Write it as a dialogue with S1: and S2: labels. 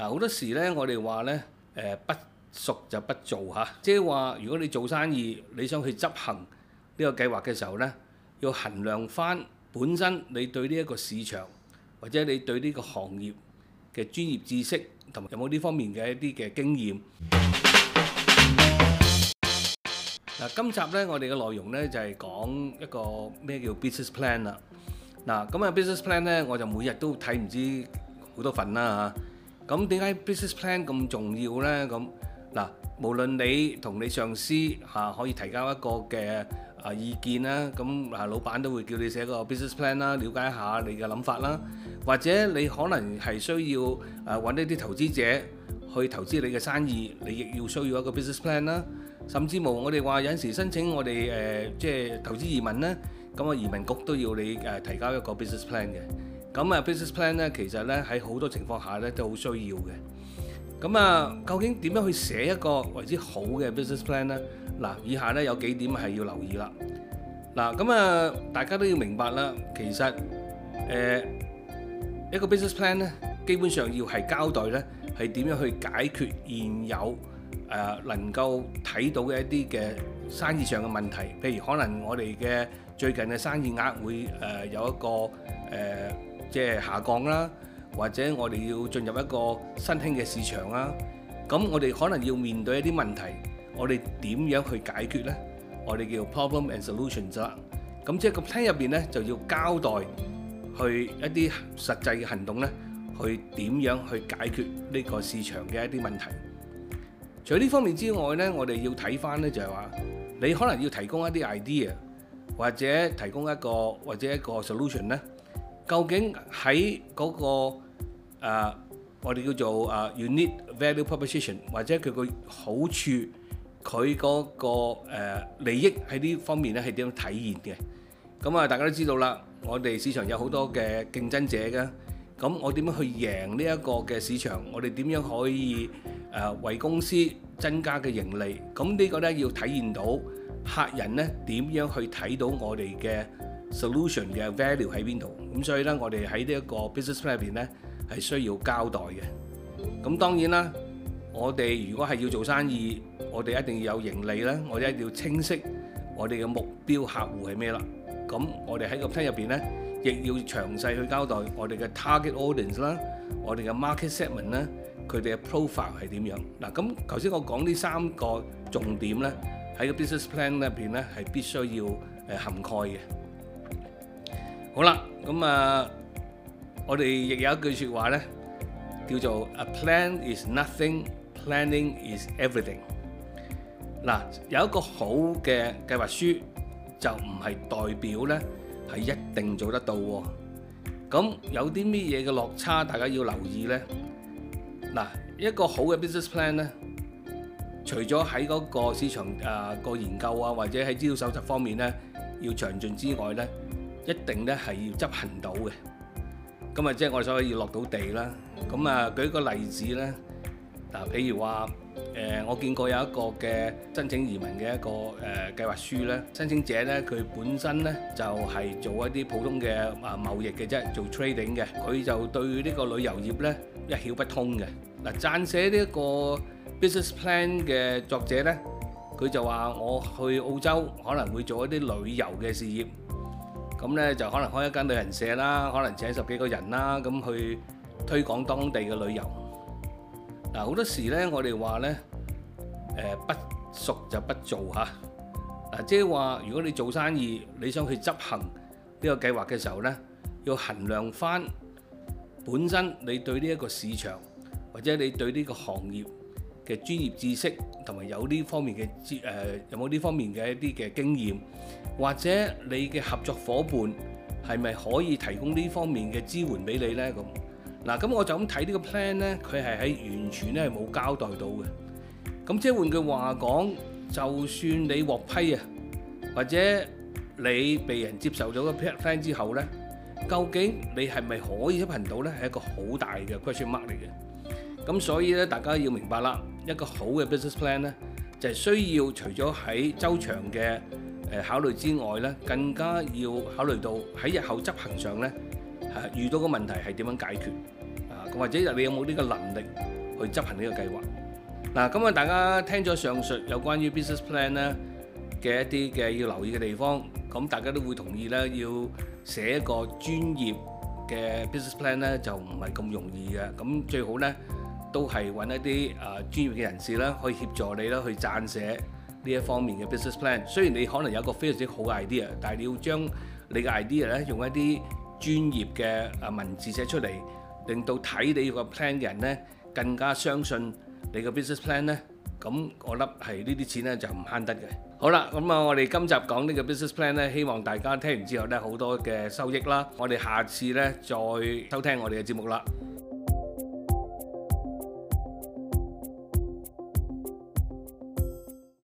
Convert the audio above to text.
S1: 嗱，好多時咧，我哋話咧，誒不熟就不做嚇。即係話，如果你做生意，你想去執行呢個計劃嘅時候咧，要衡量翻本身你對呢一個市場或者你對呢個行業嘅專業知識同埋有冇呢方面嘅一啲嘅經驗。嗱， 今集咧，我哋嘅內容咧就係講一個咩叫 business plan 啦。嗱，咁 啊樂 business plan 咧，我就每日都睇唔知好多份啦嚇。咁點解 business plan 咁重要呢？咁嗱，無論你同你上司嚇可以提交一個嘅啊意見啦，咁啊老闆都會叫你寫個 business plan 啦，了解下你嘅諗法啦。或者你可能係需要啊揾一啲投資者去投資你嘅生意，你亦要需要一個 business plan 啦。甚至乎，我哋話有陣時申請我哋誒即係投資移民咧，咁啊移民局都要你誒提交一個 business plan 嘅。咁啊，business plan 咧，其實咧喺好多情況下咧都好需要嘅。咁啊，究竟點樣去寫一個為之好嘅 business plan 咧？嗱，以下咧有幾點係要留意啦。嗱，咁啊，大家都要明白啦。其實、呃，一個 business plan 咧，基本上要係交代咧係點樣去解決現有、呃、能夠睇到嘅一啲嘅生意上嘅問題。譬如可能我哋嘅最近嘅生意額會誒、呃、有一個、呃即係下降啦，或者我哋要進入一個新興嘅市場啦，咁我哋可能要面對一啲問題，我哋點樣去解決呢？我哋叫 problem and solutions 啦。咁即係個 plan 入邊呢，就要交代去一啲實際嘅行動呢，去點樣去解決呢個市場嘅一啲問題。除咗呢方面之外呢，我哋要睇返呢就係話，你可能要提供一啲 idea，或者提供一個或者一個 solution 呢。究竟喺嗰、那個、uh, 我哋叫做誒、uh, unique value proposition，或者佢個好處，佢嗰個利益喺呢方面咧係點樣體現嘅？咁、嗯、啊，大家都知道啦，我哋市場有好多嘅競爭者嘅，咁我點樣去贏呢一個嘅市場？我哋點樣可以誒為公司增加嘅盈利？咁呢個咧要體現到客人咧點樣去睇到我哋嘅。solution 嘅 value 喺邊度？咁，所以咧我哋喺呢一個 business plan 入邊咧係需要交代嘅。咁當然啦，我哋如果係要做生意，我哋一定要有盈利啦。我哋一定要清晰我哋嘅目標客戶係咩啦。咁我哋喺個 plan 入邊咧亦要詳細去交代我哋嘅 target audience 啦，我哋嘅 market segment 啦，佢哋嘅 profile 係點樣嗱。咁頭先我講呢三個重點咧喺個 business plan 入邊咧係必須要誒涵蓋嘅。好啦，咁啊，uh, 我哋亦有一句說話咧，叫做 A plan is nothing, planning is everything。嗱，有一個好嘅計劃書，就唔係代表咧係一定做得到喎。咁有啲咩嘢嘅落差，大家要留意咧。嗱，一個好嘅 business plan 咧，除咗喺嗰個市場啊、呃這個研究啊，或者喺資料搜集方面咧要詳盡之外咧，一定咧係要執行到嘅，咁啊即係我所謂要落到地啦。咁啊，舉個例子咧，嗱，譬如話誒，我見過有一個嘅申請移民嘅一個誒計劃書咧，申請者咧佢本身咧就係做一啲普通嘅啊貿易嘅啫，做 trading 嘅，佢就對呢個旅遊業咧一竅不通嘅。嗱，撰寫呢一個 business plan 嘅作者咧，佢就話：我去澳洲可能會做一啲旅遊嘅事業。咁咧就可能開一間旅行社啦，可能請十幾個人啦，咁去推廣當地嘅旅遊。嗱，好多時咧，我哋話咧，誒不熟就不做嚇。嗱、就是，即係話如果你做生意，你想去執行呢個計劃嘅時候咧，要衡量翻本身你對呢一個市場或者你對呢個行業。嘅專業知識同埋有呢方面嘅知、呃、有冇呢方面嘅一啲嘅經驗，或者你嘅合作伙伴係咪可以提供呢方面嘅支援俾你呢？咁嗱，咁我就咁睇呢個 plan 呢，佢係喺完全咧係冇交代到嘅。咁即係換句話講，就算你獲批啊，或者你被人接受咗個 plan 之後呢，究竟你係咪可以執行到呢？係一個好大嘅 question mark 嚟嘅。咁所以呢，大家要明白啦。一個好嘅 business plan 咧，就係、是、需要除咗喺周詳嘅誒考慮之外咧，更加要考慮到喺日後執行上咧，係遇到嘅問題係點樣解決啊？或者你有冇呢個能力去執行呢個計劃？嗱，咁啊，大家聽咗上述有關於 business plan 咧嘅一啲嘅要留意嘅地方，咁大家都會同意咧，要寫一個專業嘅 business plan 咧，就唔係咁容易嘅。咁最好咧。都係揾一啲誒專業嘅人士啦，可以協助你啦去撰寫呢一方面嘅 business plan。雖然你可能有個非常之好嘅 idea，但係你要將你嘅 idea 咧用一啲專業嘅啊文字寫出嚟，令到睇你個 plan 嘅人呢更加相信你個 business plan 呢。咁我覺得係呢啲錢呢就唔慳得嘅。好啦，咁啊，我哋今集講呢個 business plan 呢，希望大家聽完之後呢好多嘅收益啦。我哋下次呢再收聽我哋嘅節目啦。